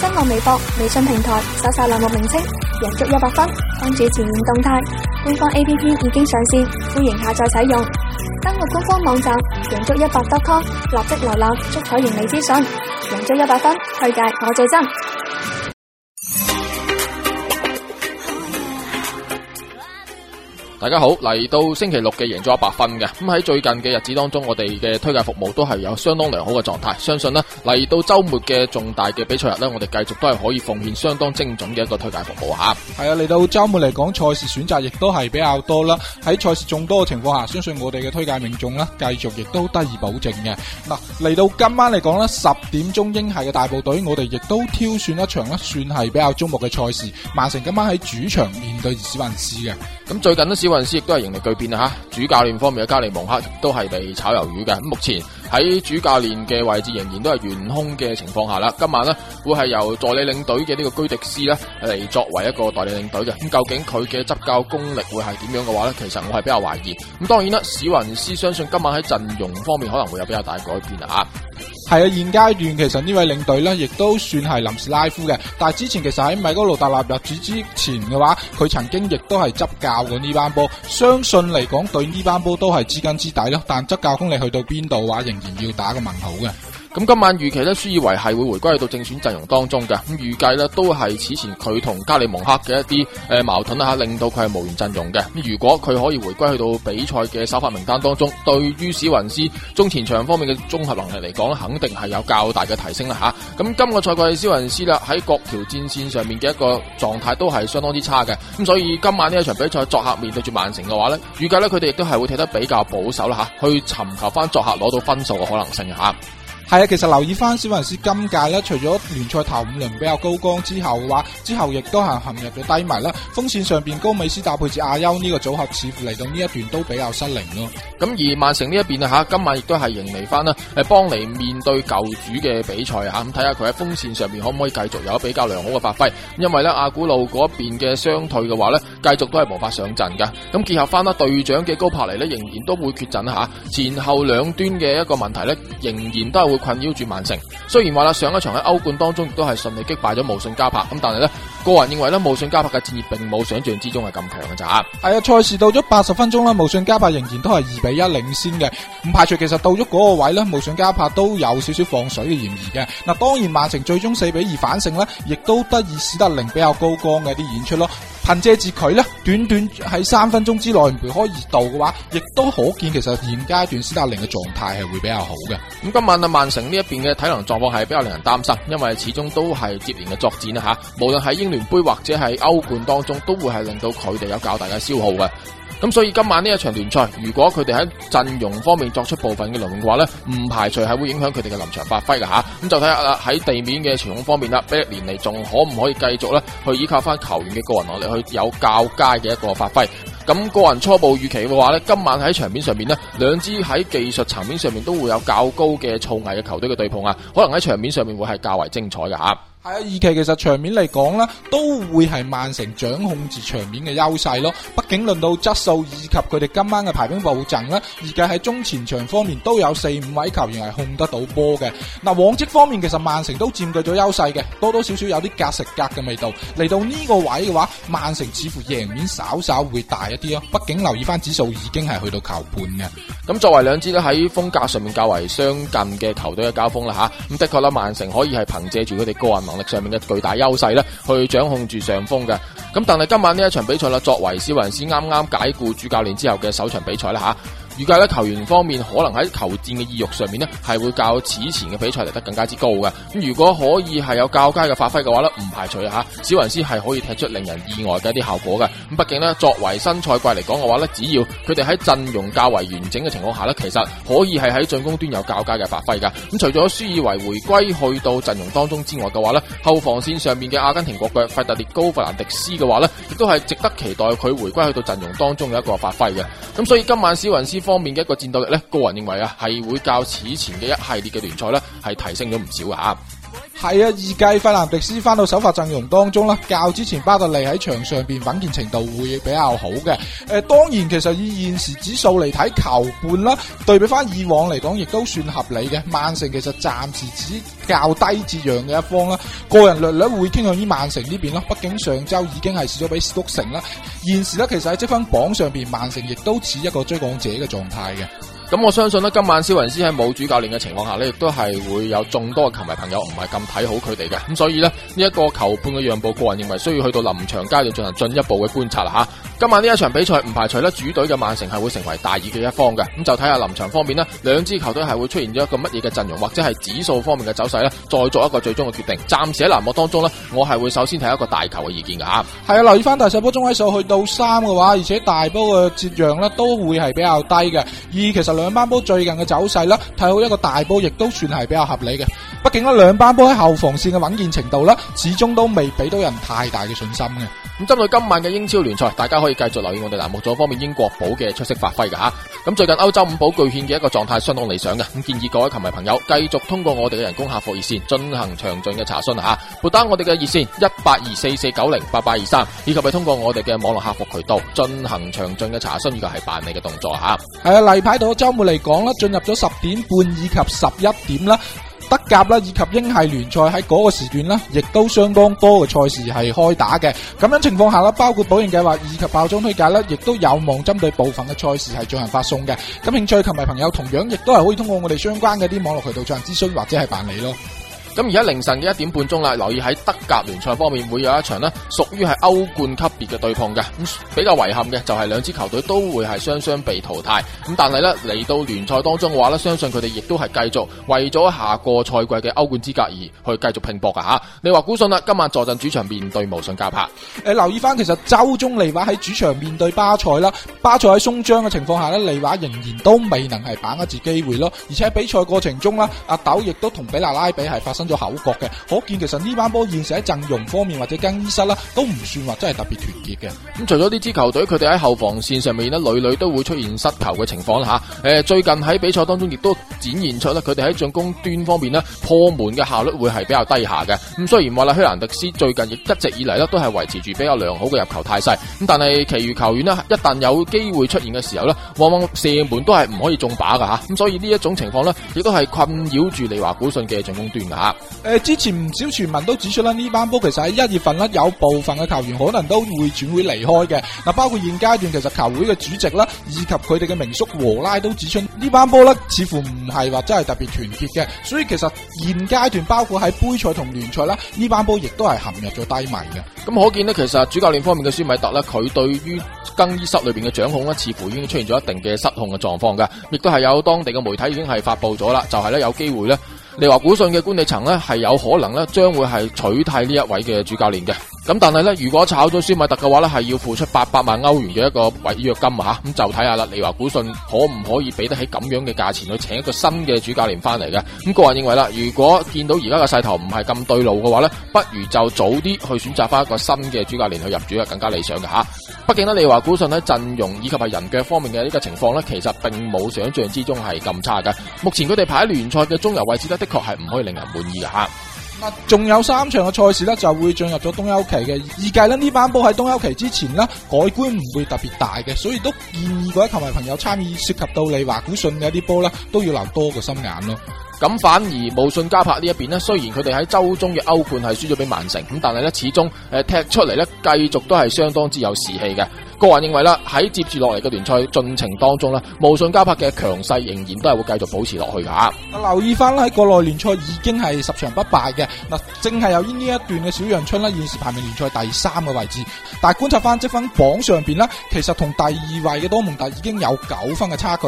登錄微博、微信平台，搜索欄目名稱，贏足一百分，關注前沿動態。官方 APP 已經上線，歡迎下載使用。登錄官方網站，贏足一百 .com，立即瀏覽足彩盈利資訊。贏足一百分，推介我最真。大家好，嚟到星期六嘅贏足 100FUN 嘅，咁喺最近嘅日子當中，我哋嘅推介服務都係有相當良好嘅狀態，相信呢嚟到周末嘅重大嘅比賽日呢，我哋繼續都係可以奉獻相當精準嘅一個推介服務吓。係啊，嚟到周末嚟講，賽事選擇亦都係比較多啦。喺賽事眾多嘅情況下，相信我哋嘅推介命中呢，繼續亦都得以保證嘅。嗱，嚟到今晚嚟講呢，十點鐘英係嘅大部隊，我哋亦都挑選一場呢，算係比較矚目嘅賽事。曼城今晚喺主場面對史雲斯嘅。咁最近呢，史雲斯亦都係迎嚟巨變吓，主教練方面嘅加利蒙克都係被炒魷魚嘅。咁目前喺主教練嘅位置仍然都係懸空嘅情況下啦，今晚呢，會係由助理領隊嘅呢個居迪斯呢嚟作為一個代理領隊嘅。咁究竟佢嘅執教功力會係點樣嘅話呢？其實我係比較懷疑。咁當然啦，史雲斯相信今晚喺陣容方面可能會有比較大改變啊嚇。係啊，現階段其實呢位領隊咧，亦都算係臨時拉夫嘅。但係之前其實喺米高路達納入主之前嘅話，佢曾經亦都係執教過呢班波，相信嚟講對呢班波都係知根知底咯。但執教功力去到邊度話，仍然要打個問號嘅。咁今晚預期咧，舒爾維係會回歸去到正選陣容當中嘅。咁預計咧，都係此前佢同加里蒙克嘅一啲誒矛盾啦吓，令到佢係無緣陣容嘅。咁如果佢可以回歸去到比賽嘅首發名單當中，對於史雲斯中前場方面嘅綜合能力嚟講肯定係有較大嘅提升啦吓。咁今個賽季史雲斯啦喺各條戰線上面嘅一個狀態都係相當之差嘅。咁所以今晚呢一場比賽，作客面對住曼城嘅話咧，預計咧佢哋亦都係會踢得比較保守啦吓，去尋求翻作客攞到分數嘅可能性吓。係啊，其實留意翻史雲斯今屆咧，除咗聯賽頭五輪比較高光之後嘅話，之後亦都係陷入咗低迷啦。鋒線上邊高美斯搭配住阿優呢個組合，似乎嚟到呢一段都比較失靈咯。咁而曼城呢一邊啊吓，今晚亦都係迎嚟翻啦，誒，邦尼面對舊主嘅比賽啊，咁睇下佢喺鋒線上邊可唔可以繼續有一個比較良好嘅發揮。因為咧阿古路嗰邊嘅傷退嘅話咧，繼續都係無法上陣噶。咁結合翻啦，隊長嘅高柏尼咧仍然都會缺陣啊吓，前後兩端嘅一個問題咧，仍然都係會。困擾住曼城。雖然話啦，上一場喺歐冠當中亦都係順利擊敗咗無信加柏，咁但係咧。個人認為咧，慕遜加柏嘅戰意並冇想象之中係咁強嘅咋。係、哎、啊，賽事到咗八十分鐘啦，慕遜加柏仍然都係二比一領先嘅。唔排除，其實到咗嗰個位咧，慕遜加柏都有少少放水嘅嫌疑嘅。嗱，當然曼城最終四比二反勝呢，亦都得以史達寧比較高光嘅啲演出咯。憑借住佢咧，短短喺三分鐘之內梅開二度嘅話，亦都可見其實現階段史達寧嘅狀態係會比較好嘅。咁今晚啊，曼城呢一邊嘅體能狀況係比較令人擔心，因為始終都係接連嘅作戰啦吓。無論喺英聯盃或者係歐冠當中，都會係令到佢哋有較大嘅消耗嘅。咁所以今晚呢一場聯賽，如果佢哋喺陣容方面作出部分嘅輪換呢，唔排除係會影響佢哋嘅臨場發揮嘅吓。咁就睇下啦，喺地面嘅傳控方面啦，呢一年嚟仲可唔可以繼續呢？去依靠翻球員嘅個人能力去有較佳嘅一個發揮？咁個人初步預期嘅話呢，今晚喺場面上面呢，兩支喺技術層面上面都會有較高嘅造詣嘅球隊嘅對碰啊，可能喺場面上面會係較為精彩嘅吓。係啊，二期其實場面嚟講咧，都會係曼城掌控住場面嘅優勢咯。畢竟論到質素以及佢哋今晚嘅排兵布陣啦，而家喺中前場方面都有四五位球員係控得到波嘅。嗱，往績方面其實曼城都佔據咗優勢嘅，多多少少有啲格食格嘅味道。嚟到呢個位嘅話，曼城似乎贏面稍稍會大一啲咯。畢竟留意翻指數已經係去到球半嘅。咁作為兩支咧喺風格上面較為相近嘅球隊嘅交鋒啦吓，咁的確啦，曼城可以係憑借住佢哋高人。能力上面嘅巨大優勢咧，去掌控住上風嘅。咁但係今晚呢一場比賽啦，作為史雲斯啱啱解雇主教練之後嘅首場比賽啦，吓。預計咧，球員方面可能喺球戰嘅意欲上面呢，係會較此前嘅比賽嚟得更加之高嘅。咁如果可以係有較佳嘅發揮嘅話呢，唔排除啊，小雲斯係可以踢出令人意外嘅一啲效果嘅。咁畢竟呢，作為新賽季嚟講嘅話呢，只要佢哋喺陣容較為完整嘅情況下呢，其實可以係喺進攻端有較佳嘅發揮嘅。咁除咗舒爾維回歸去到陣容當中之外嘅話呢，後防線上面嘅阿根廷國腳費特列高弗蘭迪斯嘅話呢，亦都係值得期待佢回歸去到陣容當中嘅一個發揮嘅。咁所以今晚小雲斯，方面嘅一個戰鬥力咧，個人認為啊，係會較此前嘅一系列嘅聯賽咧，係提升咗唔少啊。係啊，二計費南迪斯翻到首發陣容當中啦，較之前巴特利喺場上邊穩健程度會比較好嘅。誒、呃，當然其實以現時指數嚟睇球半啦，對比翻以往嚟講，亦都算合理嘅。曼城其實暫時只較低至讓嘅一方啦，個人略略會傾向於曼城呢邊啦，畢竟上周已經係輸咗俾斯圖城啦。現時咧其實喺積分榜上邊，曼城亦都似一個追趕者嘅狀態嘅。咁我相信咧，今晚肖文斯喺冇主教練嘅情況下呢，亦都係會有眾多嘅球迷朋友唔係咁睇好佢哋嘅。咁所以呢，呢一個球半嘅讓步，個人認為需要去到臨場階段進行進一步嘅觀察啦吓。今晚呢一場比賽唔排除咧，主隊嘅曼城係會成為大二嘅一方嘅。咁就睇下臨場方面呢，兩支球隊係會出現咗一個乜嘢嘅陣容，或者係指數方面嘅走勢呢，再作一個最終嘅決定。暫時喺欄目當中呢，我係會首先睇一個大球嘅意見噶吓。係啊，留意翻大細波中位數去到三嘅話，而且大波嘅折讓咧都會係比較低嘅。二其實。兩班波最近嘅走勢啦，睇好一個大波亦都算係比較合理嘅。畢竟呢，兩班波喺後防線嘅穩健程度啦，始終都未俾到人太大嘅信心嘅。咁針對今晚嘅英超聯賽，大家可以繼續留意我哋欄目組方面英國寶嘅出色發揮㗎吓。咁最近歐洲五寶巨獻嘅一個狀態相當理想嘅，咁建議各位球迷朋友繼續通過我哋嘅人工客服熱線進行詳盡嘅查詢吓，撥打我哋嘅熱線一八二四四九零八八二三，823, 以及係通過我哋嘅網絡客服渠道進行詳盡嘅查詢，以及係辦理嘅動作吓。係啊，例牌到周末嚟講啦，進入咗十點半以及十一點啦。德甲啦，以及英係聯賽喺嗰個時段啦，亦都相當多嘅賽事係開打嘅。咁樣情況下啦，包括保險計劃以及爆莊推介咧，亦都有望針對部分嘅賽事係進行發送嘅。咁興趣球迷朋友同樣亦都係可以通過我哋相關嘅啲網絡渠道進行諮詢或者係辦理咯。咁而家凌晨嘅一點半鐘啦，留意喺德甲聯賽方面會有一場咧，屬於係歐冠級別嘅對碰嘅。咁、嗯、比較遺憾嘅就係兩支球隊都會係雙雙被淘汰。咁、嗯、但係咧嚟到聯賽當中嘅話咧，相信佢哋亦都係繼續為咗下個賽季嘅歐冠資格而去繼續拼搏嘅吓、啊，利華古遜啦，今晚坐陣主場面對慕遜加柏。誒、呃、留意翻其實周中利華喺主場面對巴塞啦，巴塞喺鬆張嘅情況下咧，利華仍然都未能係把握住機會咯。而且喺比賽過程中啦，阿斗亦都同比拿拉比係發生。個口角嘅，可見其實呢班波現時喺陣容方面或者更衣室啦，都唔算話真係特別團結嘅。咁除咗呢支球隊，佢哋喺後防線上面咧，屢屢都會出現失球嘅情況啦吓。誒、啊，最近喺比賽當中亦都展現出咧，佢哋喺進攻端方面呢，破門嘅效率會係比較低下嘅。咁、嗯、雖然話啦，希蘭特斯最近亦一直以嚟呢，都係維持住比較良好嘅入球態勢，咁但係其餘球員呢，一旦有機會出現嘅時候呢，往往射門都係唔可以中靶嘅吓。咁、啊、所以呢一種情況呢，亦都係困擾住利華古信嘅進攻端吓。啊誒、呃，之前唔少傳聞都指出啦，呢班波其實喺一月份呢，有部分嘅球員可能都會轉會離開嘅。嗱，包括現階段其實球會嘅主席啦，以及佢哋嘅名宿和拉都指出，呢班波呢，似乎唔係話真係特別團結嘅。所以其實現階段包括喺杯賽同聯賽啦，呢班波亦都係陷入咗低迷嘅。咁可見呢，其實主教練方面嘅舒米特咧，佢對於更衣室裏邊嘅掌控呢，似乎已經出現咗一定嘅失控嘅狀況噶。亦都係有當地嘅媒體已經係發佈咗啦，就係、呢、有機會呢你話古信嘅管理層咧，係有可能咧，將會係取替呢一位嘅主教練嘅。咁但係咧，如果炒咗舒米特嘅話咧，係要付出八百萬歐元嘅一個違約金吓，咁就睇下啦，利華古信可唔可以俾得起咁樣嘅價錢去請一個新嘅主教練翻嚟嘅？咁個人認為啦，如果見到而家嘅勢頭唔係咁對路嘅話咧，不如就早啲去選擇翻一個新嘅主教練去入主係更加理想嘅吓。畢竟呢，利華古信喺陣容以及係人腳方面嘅呢個情況咧，其實並冇想象之中係咁差㗎。目前佢哋排喺聯賽嘅中游位置咧，的確係唔可以令人滿意嘅吓。仲有三場嘅賽事呢，就會進入咗冬休期嘅。預計呢，呢班波喺冬休期之前呢，改觀唔會特別大嘅，所以都建議各位球迷朋友參與涉及到利華古遜嘅啲波呢，都要留多個心眼咯。咁反而慕遜加柏呢一邊呢，雖然佢哋喺周中嘅歐冠係輸咗俾曼城，咁但係呢，始終誒、呃、踢出嚟，呢，繼續都係相當之有士氣嘅。個人認為啦，喺接住落嚟嘅聯賽進程當中咧，無信加柏嘅強勢仍然都係會繼續保持落去噶。留意翻喺國內聯賽已經係十場不敗嘅嗱，正係由於呢一段嘅小陽春啦。現時排名聯賽第三嘅位置，但係觀察翻積分榜上邊咧，其實同第二位嘅多蒙特已經有九分嘅差距。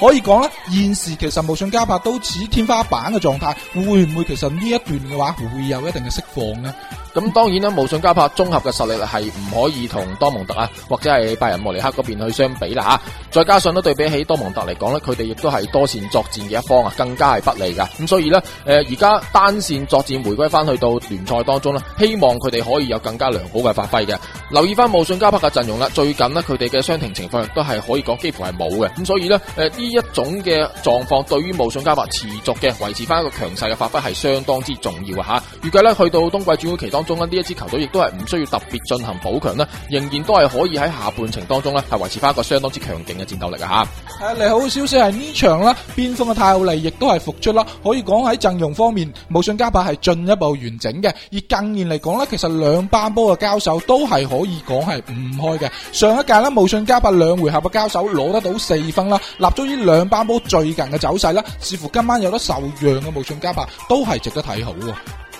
可以講咧，現時其實無信加柏都似天花板嘅狀態，會唔會其實呢一段嘅話會有一定嘅釋放呢？咁當然啦，慕遜加柏綜合嘅實力係唔可以同多蒙特啊，或者係拜仁慕尼黑嗰邊去相比啦吓。再加上咧對比起多蒙特嚟講咧，佢哋亦都係多線作戰嘅一方啊，更加係不利噶。咁所以呢，誒，而家單線作戰回歸翻去到聯賽當中咧，希望佢哋可以有更加良好嘅發揮嘅。留意翻慕遜加柏嘅陣容啦，最近呢，佢哋嘅傷停情況都係可以講幾乎係冇嘅。咁所以呢，誒，呢一種嘅狀況對於慕遜加柏持續嘅維持翻一個強勢嘅發揮係相當之重要啊吓。預計呢，去到冬季轉會期當。中嘅呢一支球隊亦都係唔需要特別進行補強啦，仍然都係可以喺下半程當中咧係維持翻一個相當之強勁嘅戰鬥力啊！吓，利好消息係呢場啦，邊鋒嘅泰奧利亦都係復出啦，可以講喺陣容方面，慕遜加柏係進一步完整嘅，而近年嚟講咧，其實兩班波嘅交手都係可以講係唔開嘅。上一屆咧，慕遜加柏兩回合嘅交手攞得到四分啦，立足於兩班波最近嘅走勢啦，似乎今晚有得受讓嘅慕遜加柏都係值得睇好。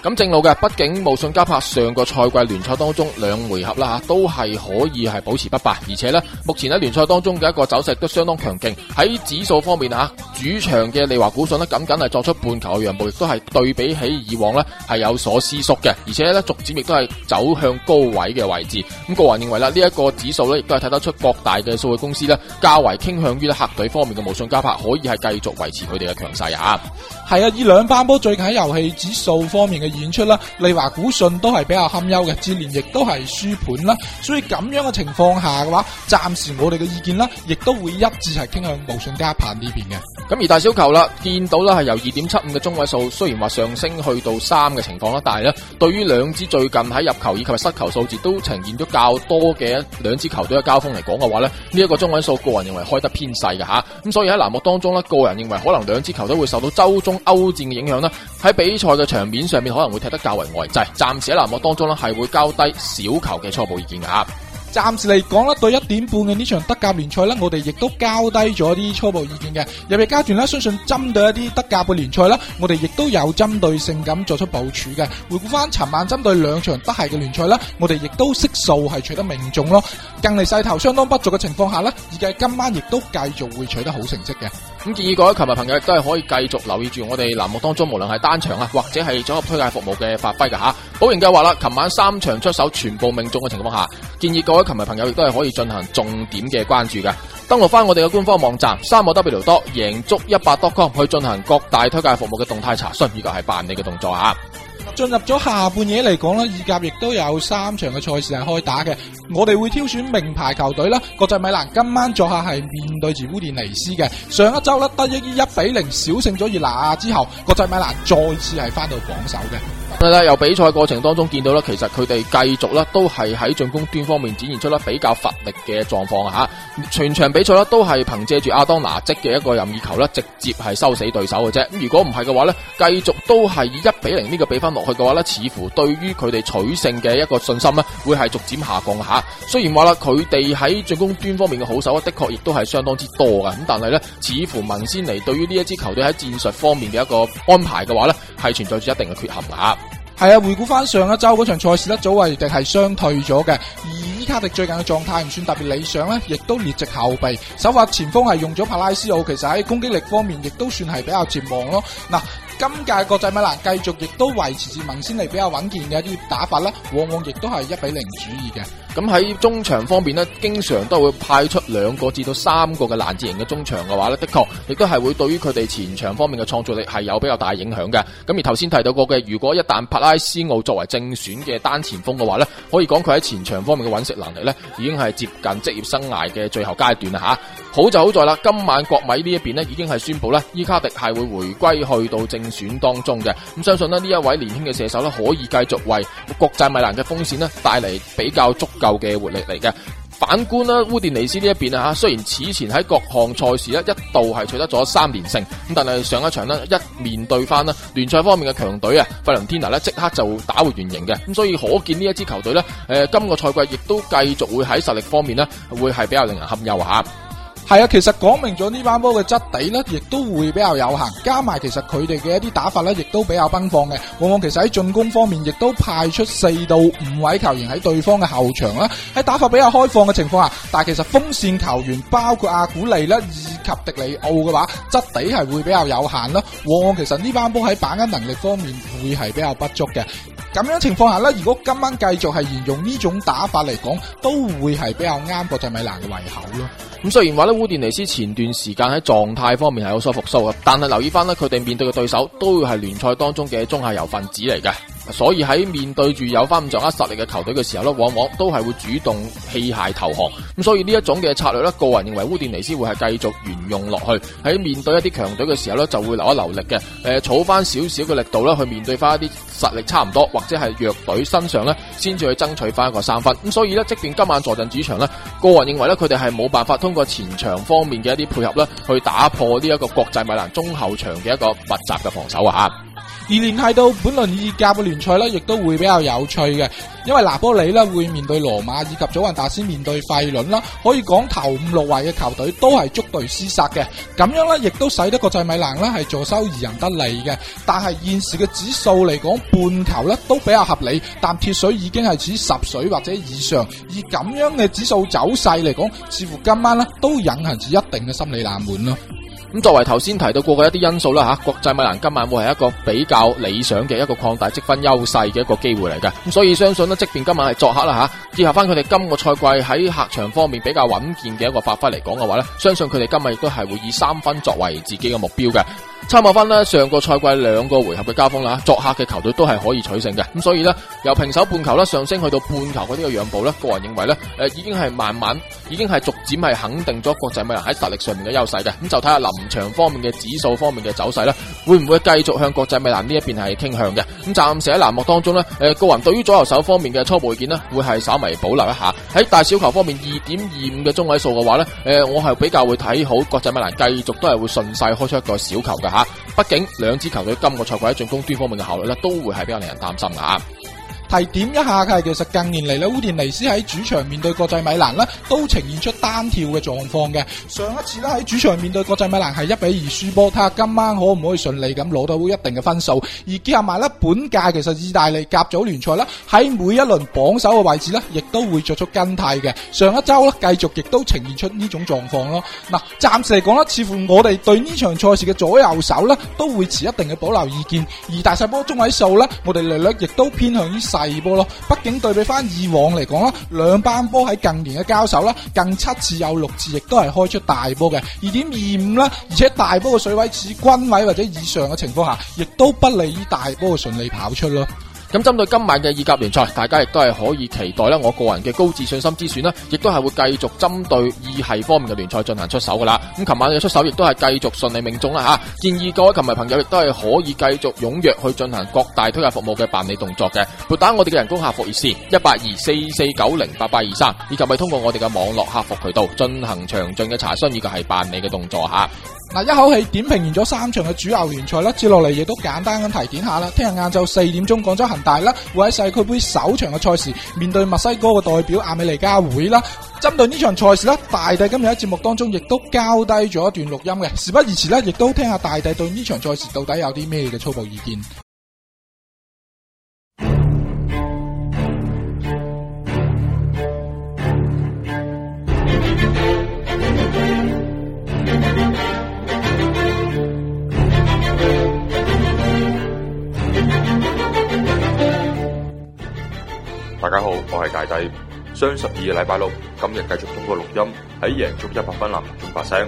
咁正路嘅，畢竟無信加柏上個賽季聯賽當中兩回合啦吓，都係可以係保持不敗，而且咧目前喺聯賽當中嘅一個走勢都相當強勁。喺指數方面吓，主場嘅利華古信咧僅僅係作出半球嘅讓步，亦都係對比起以往咧係有所收縮嘅，而且咧逐漸亦都係走向高位嘅位置。咁個人認為啦，呢、這、一個指數咧亦都係睇得出各大嘅數據公司咧較為傾向於客隊方面嘅無信加柏，可以係繼續維持佢哋嘅強勢啊。係啊，以兩班波最近喺遊戲指數方面嘅。演出啦，利華古信都係比較堪憂嘅，智聯亦都係輸盤啦，所以咁樣嘅情況下嘅話，暫時我哋嘅意見啦，亦都會一致係傾向無信加盤呢邊嘅。咁而大小球啦，見到啦係由二點七五嘅中位數，雖然話上升去到三嘅情況啦，但係咧，對於兩支最近喺入球以及係失球數字都呈現咗較多嘅兩支球隊嘅交鋒嚟講嘅話咧，呢一個中位數個人認為開得偏細嘅吓，咁所以喺欄目當中咧，個人認為可能兩支球隊會受到周中歐戰嘅影響啦，喺比賽嘅場面上面。可能會踢得較為外滯，暫時喺欄目當中咧係會交低小球嘅初步意見噶。暫時嚟講咧，對一點半嘅呢場德甲聯賽呢，我哋亦都交低咗啲初步意見嘅。入夜階段咧，相信針對一啲德甲嘅聯賽呢，我哋亦都有針對性咁作出部署嘅。回顧翻尋晚針對兩場德係嘅聯賽呢，我哋亦都悉數係取得命中咯。近期勢頭相當不俗嘅情況下呢，預計今晚亦都繼續會取得好成績嘅。咁建議各位琴日朋友亦都係可以繼續留意住我哋欄目當中，無論係單場啊，或者係綜合推介服務嘅發揮㗎。吓。保盈計劃啦，琴晚三場出手全部命中嘅情況下，建議各位琴日朋友亦都係可以進行重點嘅關注㗎。登錄翻我哋嘅官方網站三個 W 多，贏足一百多個去進行各大推介服務嘅動態查詢，呢個係辦理嘅動作啊！進入咗下半夜嚟講咧，意甲亦都有三場嘅賽事係開打嘅，我哋會挑選名牌球隊啦。國際米蘭今晚作客係面對住烏迪尼斯嘅，上一周咧，得益於一比零小勝咗熱拿亞之後，國際米蘭再次係翻到榜首嘅。由比賽過程當中見到啦，其實佢哋繼續啦，都係喺進攻端方面展現出啦比較乏力嘅狀況吓。全場比賽啦，都係憑借住阿當拿積嘅一個任意球啦，直接係收死對手嘅啫。如果唔係嘅話咧，繼續都係以一比零呢個比分落去嘅話咧，似乎對於佢哋取勝嘅一個信心咧，會係逐漸下降吓。雖然話啦，佢哋喺進攻端方面嘅好手啊，的確亦都係相當之多嘅。咁但係咧，似乎文仙尼對於呢一支球隊喺戰術方面嘅一個安排嘅話咧，係存在住一定嘅缺陷啊。係啊，回顧翻上一周嗰場賽事呢，祖維迪係傷退咗嘅。而伊卡迪最近嘅狀態唔算特別理想呢，亦都列席後備。首發前鋒係用咗帕拉斯奧，其實喺攻擊力方面亦都算係比較絕望咯。嗱、啊，今屆國際米蘭繼續亦都維持住領先嚟比較穩健嘅一啲打法呢，往往亦都係一比零主義嘅。咁喺中場方面咧，經常都會派出兩個至到三個嘅攔截型嘅中場嘅話咧，的確亦都係會對於佢哋前場方面嘅創造力係有比較大影響嘅。咁而頭先提到過嘅，如果一旦帕拉斯奧作為正選嘅單前鋒嘅話咧，可以講佢喺前場方面嘅揾食能力咧，已經係接近職業生涯嘅最後階段啦吓。好就好在啦，今晚國米呢一邊咧已經係宣布啦，伊卡迪係會回歸去到正選當中嘅。咁相信咧呢一位年輕嘅射手咧，可以繼續為國際米蘭嘅鋒線咧帶嚟比較足夠嘅活力嚟嘅，反觀啦烏甸尼斯呢一邊啊，雖然此前喺各項賽事一度係取得咗三連勝，咁但係上一場一面對翻咧聯賽方面嘅強隊啊，費倫天拿咧即刻就打回原形嘅，咁所以可見呢一支球隊咧，誒、呃、今個賽季亦都繼續會喺實力方面會會係比較令人堪憂係啊，其實講明咗呢班波嘅質地咧，亦都會比較有限。加埋其實佢哋嘅一啲打法咧，亦都比較奔放嘅。往往其實喺進攻方面，亦都派出四到五位球員喺對方嘅後場啦。喺打法比較開放嘅情況下，但係其實鋒線球員包括阿古利咧以及迪尼奧嘅話，質地係會比較有限咯。往往其實呢班波喺把握能力方面會係比較不足嘅。咁樣情況下咧，如果今晚繼續係沿用呢種打法嚟講，都會係比較啱國際米蘭嘅胃口咯。咁雖然話咧，烏迪內斯前段時間喺狀態方面係有所復蘇啊，但係留意翻咧，佢哋面對嘅對手，都會係聯賽當中嘅中下游分子嚟嘅。所以喺面對住有翻咁掌握實力嘅球隊嘅時候呢往往都係會主動棄械投降。咁所以呢一種嘅策略呢個人認為烏甸尼斯會係繼續沿用落去。喺面對一啲強隊嘅時候呢就會留一留力嘅。誒，儲翻少少嘅力度呢去面對翻一啲實力差唔多或者係弱隊身上呢先至去爭取翻一個三分。咁所以呢，即便今晚坐陣主場呢個人認為呢佢哋係冇辦法通過前場方面嘅一啲配合呢去打破呢一個國際米蘭中後場嘅一個密集嘅防守啊！而聯繫到本輪意甲嘅聯賽呢亦都會比較有趣嘅，因為拿波里會面對羅馬，以及祖雲達斯面對費倫啦，可以講頭五六位嘅球隊都係捉對廝殺嘅，咁樣呢，亦都使得國際米蘭咧係坐收漁人得利嘅。但係現時嘅指數嚟講，半球呢都比較合理，但鐵水已經係指十水或者以上，以咁樣嘅指數走勢嚟講，似乎今晚呢都隱含住一定嘅心理冷門咯。咁作為頭先提到過嘅一啲因素啦吓，國際米蘭今晚會係一個比較理想嘅一個擴大積分優勢嘅一個機會嚟嘅。咁所以相信咧，即便今晚係作客啦吓，結合翻佢哋今個賽季喺客場方面比較穩健嘅一個發揮嚟講嘅話咧，相信佢哋今晚亦都係會以三分作為自己嘅目標嘅。參考翻啦，上個賽季兩個回合嘅交鋒啦，作客嘅球隊都係可以取勝嘅。咁所以咧，由平手半球啦上升去到半球嗰啲嘅讓步咧，個人認為咧，誒已經係慢慢，已經係逐漸係肯定咗國際米蘭喺實力上面嘅優勢嘅。咁就睇下臨場方面嘅指數方面嘅走勢咧，會唔會繼續向國際米蘭呢一邊係傾向嘅？咁暫時喺欄目當中咧，誒個人對於左右手方面嘅初步意見咧，會係稍微保留一下。喺大小球方面二點二五嘅中位數嘅話咧，誒我係比較會睇好國際米蘭繼續都係會順勢開出一個小球嘅畢竟兩支球隊今個賽季喺進攻端方面嘅效率咧，都會係比較令人擔心噶。提點一下，佢其實近年嚟咧，烏迪尼斯喺主場面對國際米蘭咧，都呈現出單跳嘅狀況嘅。上一次咧喺主場面對國際米蘭係一比二輸波，睇下今晚可唔可以順利咁攞到一定嘅分數。而結合埋咧，本屆其實意大利甲組聯賽咧，喺每一輪榜首嘅位置咧，亦都會作出更替嘅。上一周咧，繼續亦都呈現出呢種狀況咯。嗱、啊，暫時嚟講咧，似乎我哋對呢場賽事嘅左右手咧，都會持一定嘅保留意見。而大細波中位數咧，我哋力量亦都偏向於第二波咯，畢竟對比翻以往嚟講啦，兩班波喺近年嘅交手啦，近七次有六次亦都係開出大波嘅二點二五啦，而且大波嘅水位似均位或者以上嘅情況下，亦都不利於大波嘅順利跑出咯。咁針對今晚嘅意甲聯賽，大家亦都係可以期待啦。我個人嘅高自信心之選啦，亦都係會繼續針對意係方面嘅聯賽進行出手噶啦。咁琴晚嘅出手亦都係繼續順利命中啦吓。建議各位球迷朋友亦都係可以繼續踴躍去進行各大推介服務嘅辦理動作嘅。撥打我哋嘅人工客服熱線一八二四四九零八八二三，以及係通過我哋嘅網絡客服渠道進行詳盡嘅查詢以及係辦理嘅動作吓。嗱，一口氣點評完咗三場嘅主流聯賽啦，接落嚟亦都簡單咁提點下啦。聽日晏晝四點鐘廣州恒大啦，會喺世俱盃首場嘅賽事面對墨西哥嘅代表阿美利加會啦。針對呢場賽事啦，大帝今日喺節目當中亦都交低咗一段錄音嘅。事不宜遲啦，亦都聽下大帝對呢場賽事到底有啲咩嘅初步意見。大家好，我係大帝。雙十二禮拜六，今日繼續通過錄音喺贏足一百分欄目中發聲，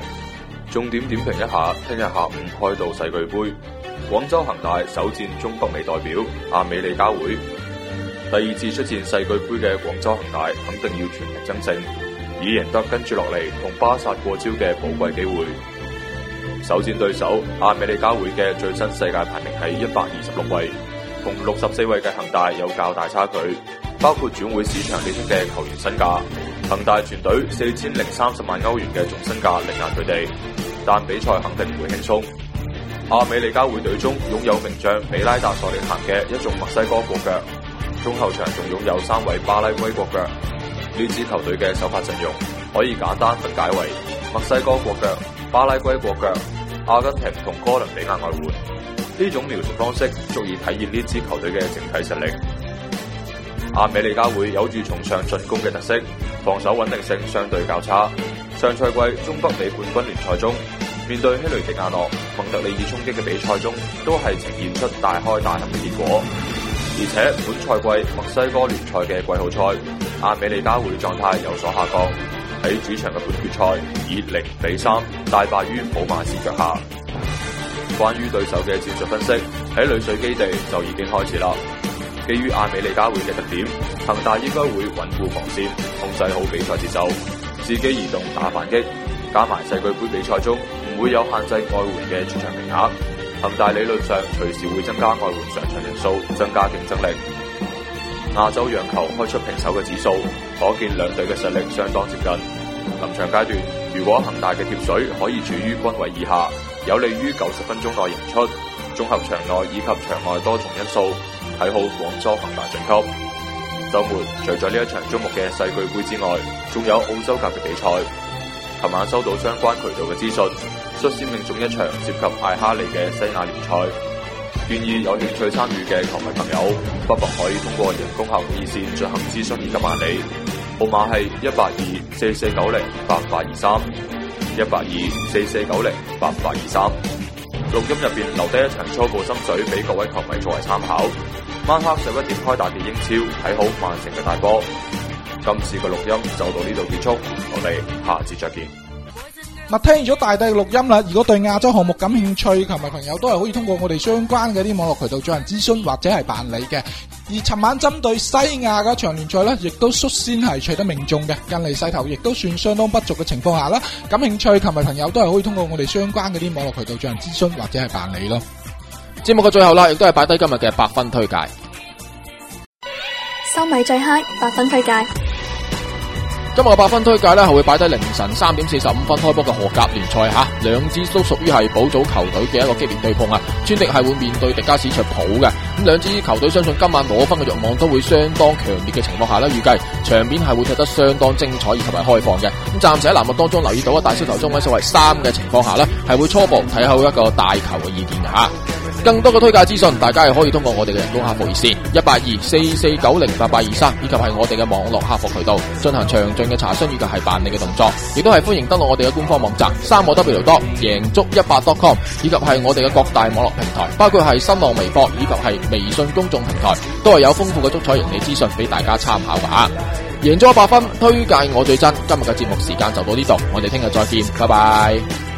重點點評一下。聽日下午開到世俱杯，廣州恒大首戰中北美代表阿美利加會，第二次出戰世俱杯嘅廣州恒大肯定要全力爭勝，以贏得跟住落嚟同巴薩過招嘅寶貴機會。首戰對手阿美利加會嘅最新世界排名喺一百二十六位，同六十四位嘅恒大有較大差距。包括轉會市場列出嘅球員身價，恒大全隊四千零三十萬歐元嘅總身價力壓佢哋，但比賽肯定唔會輕鬆。阿美利加會隊中擁有名將比拉達所領銜嘅一眾墨西哥國腳，中後場仲擁有三位巴拉圭國腳。呢支球隊嘅首發陣容可以簡單分解為墨西哥國腳、巴拉圭國腳、阿根廷同哥倫比亞外援。呢種描述方式足以體現呢支球隊嘅整體實力。阿美利加會有住崇尚進攻嘅特色，防守穩定性相對較差。上賽季中北美冠軍聯賽中，面對希雷迪亞諾、蒙特利爾衝擊嘅比賽中，都係呈現出大開大合嘅結果。而且本賽季墨西哥聯賽嘅季後賽，阿美利加會狀態有所下降，喺主場嘅半決賽以零比三大敗於普馬斯腳下。關於對手嘅戰術分析，喺里水基地就已經開始啦。基於亞美利加會嘅特點，恒大應該會穩固防線，控制好比賽節奏，自己移動打反擊。加埋世俱杯比賽中唔會有限制外援嘅出場名額，恒大理論上隨時會增加外援上場人數，增加競爭力。亞洲讓球開出平手嘅指數，可見兩隊嘅實力相當接近。臨場階段，如果恒大嘅貼水可以處於均位以下，有利於九十分鐘內贏出。綜合場內以及場外多重因素。睇好廣州恒大晉級。周末除咗呢一場矚目嘅世俱杯之外，仲有澳洲甲嘅比賽。琴晚收到相關渠道嘅資訊，率先命中一場涉及派哈利嘅西亞聯賽。願意有興趣參與嘅球迷朋友，不妨可以通過人工客服熱線進行諮詢以及辦理。號碼係一八二四四九零八八二三一八二四四九零八八二三。錄音入邊留低一場初步心水俾各位球迷作為參考。晚黑十一點開打嘅英超，睇好曼城嘅大波。今次嘅錄音就到呢度結束，我哋下次再見。嗱，聽完咗大帝嘅錄音啦，如果對亞洲項目感興趣，琴日朋友都係可以通過我哋相關嘅啲網絡渠道進行諮詢或者係辦理嘅。而尋晚針對西亞嘅一場聯賽咧，亦都率先係取得命中嘅，印尼勢頭亦都算相當不俗嘅情況下啦。感興趣琴日朋友都係可以通過我哋相關嘅啲網絡渠道進行諮詢或者係辦理咯。節目嘅最後啦，亦都係擺低今日嘅百分推介。收米最嗨，八分推介。今日嘅八分推介咧，係會擺低凌晨三點四十五分開波嘅荷甲聯賽吓，兩支都屬於係保組球隊嘅一個激烈對碰啊。專力係會面對迪加市場補嘅，咁兩支球隊相信今晚攞分嘅欲望都會相當強烈嘅情況下呢，預計場面係會踢得相當精彩以及埋開放嘅。咁暫時喺欄目當中留意到啊，大小頭中位數為三嘅情況下呢，係會初步睇好一個大球嘅意見吓。更多嘅推介資訊，大家係可以通過我哋嘅人工客服熱線一八二四四九零八八二三，823, 以及係我哋嘅網絡客服渠道進行詳盡嘅查詢以及係辦理嘅動作，亦都係歡迎登錄我哋嘅官方網站三 w 多贏足一百 dotcom，以及係我哋嘅各大網絡平台，包括係新浪微博以及係微信公眾平台，都係有豐富嘅足彩盈利資訊俾大家參考噶吓。贏咗一百分，推介我最真。今日嘅節目時間就到呢度，我哋聽日再見，拜拜。